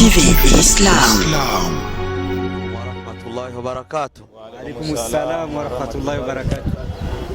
TV Islam. Warahmatullahi wabarakatuh. Waalaikum salam warahmatullahi wabarakatuh.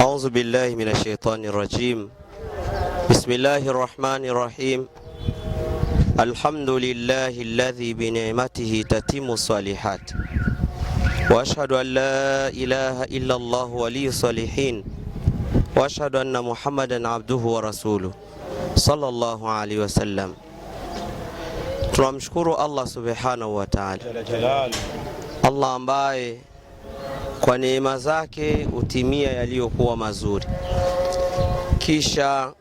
A'udhu billahi minash shaitani rajim. Bismillahir rahmanir rahim. Alhamdulillahi alladhi bi ni'matihi tatimu salihat. Wa ashhadu an la ilaha illa Allah waliyus salihin. Wa ashhadu anna Muhammadan abduhu wa rasuluhu. Sallallahu alayhi wa sallam. Tunamshukuru Allah subhanahu wa taala, Allah ambaye kwa neema zake hutimia yaliyokuwa mazuri. Kisha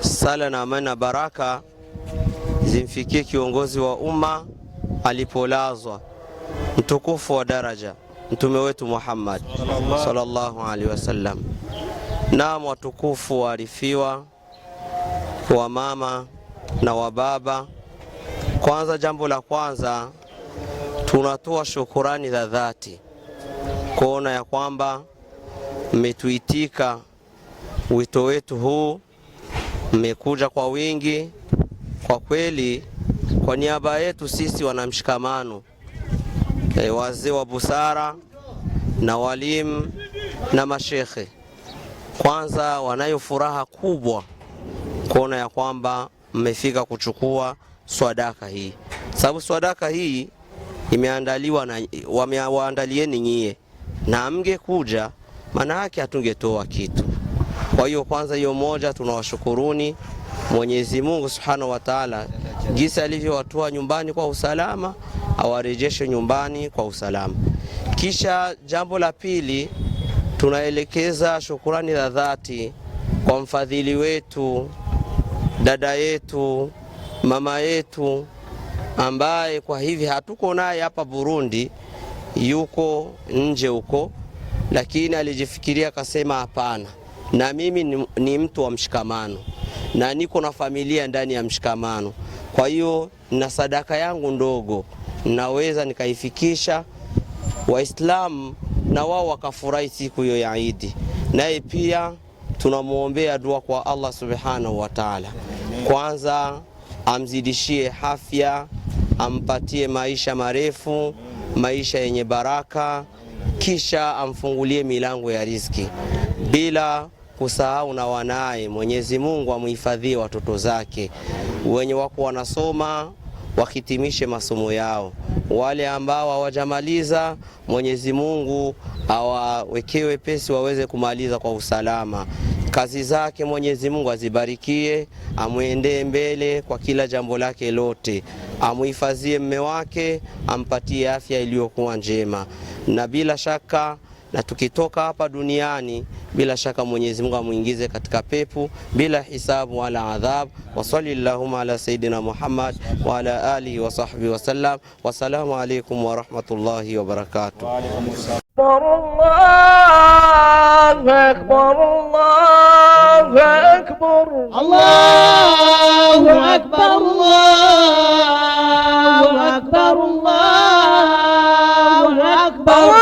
sala na amani na baraka zimfikie kiongozi wa umma alipolazwa, mtukufu wa daraja mtume wetu Muhammad sallallahu alaihi wasallam. Naam, watukufu waarifiwa wa mama na wa baba kwanza, jambo la kwanza tunatoa shukurani za dhati kuona ya kwamba mmetuitika wito wetu huu, mmekuja kwa wingi. Kwa kweli, kwa niaba yetu sisi wanamshikamano e, eh, wazee wa busara na walimu na mashekhe, kwanza wanayo furaha kubwa kuona ya kwamba mmefika kuchukua swadaka hii, sababu swadaka hii imeandaliwa na wamewaandalieni nyie, na mngekuja maana yake hatungetoa kitu. Kwa hiyo kwanza, hiyo moja, tunawashukuruni Mwenyezi Mungu Subhanahu wa Ta'ala jinsi alivyowatoa nyumbani kwa usalama, awarejeshe nyumbani kwa usalama. Kisha jambo la pili, tunaelekeza shukurani za dhati kwa mfadhili wetu dada yetu mama yetu ambaye kwa hivi hatuko naye hapa Burundi, yuko nje huko, lakini alijifikiria akasema, hapana, na mimi ni, ni mtu wa mshikamano na niko na familia ndani ya mshikamano. Kwa hiyo na sadaka yangu ndogo naweza nikaifikisha Waislamu na wao wakafurahi siku hiyo ya Idi. Naye pia tunamwombea dua kwa Allah subhanahu wa taala kwanza amzidishie afya, ampatie maisha marefu, maisha yenye baraka, kisha amfungulie milango ya riziki, bila kusahau na wanaye. Mwenyezi Mungu amhifadhie watoto zake wenye wako wanasoma wahitimishe masomo yao. Wale ambao hawajamaliza, Mwenyezi Mungu awawekee wepesi waweze kumaliza kwa usalama. Kazi zake Mwenyezi Mungu azibarikie, amwendee mbele kwa kila jambo lake lote, amuhifadhie mme wake, ampatie afya iliyokuwa njema, na bila shaka na tukitoka hapa duniani bila shaka Mwenyezi Mungu amwingize katika pepo bila hisabu wala adhab. Wasali llahuma ala sayidina Muhammad wa ala alihi wa sahbihi wasallam. Wassalamu alaikum warahmatullahi wabarakatuh. Allahu akbar, Allahu akbar.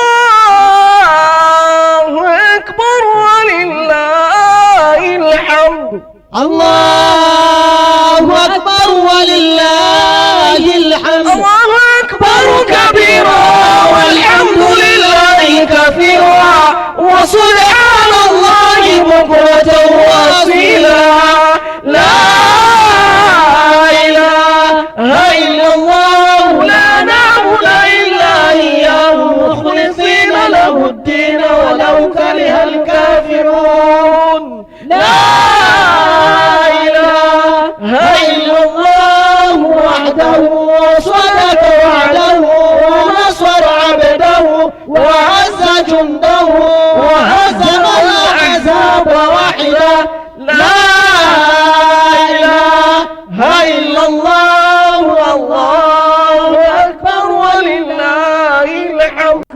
Allah!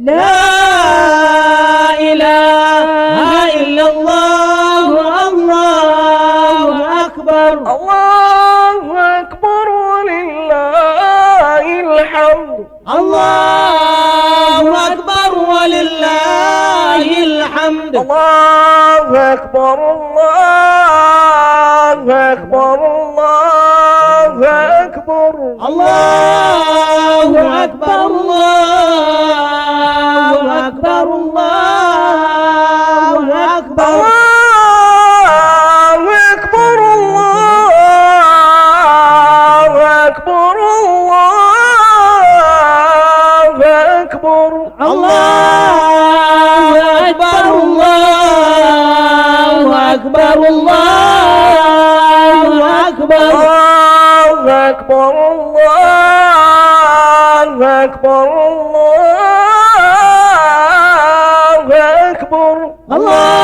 لا إله إلا الله الله أكبر الله أكبر ولله الحمد الله أكبر ولله الحمد الله أكبر الله أكبر الله أكبر الله أكبر الله أكبر الله أكبر الله Allah!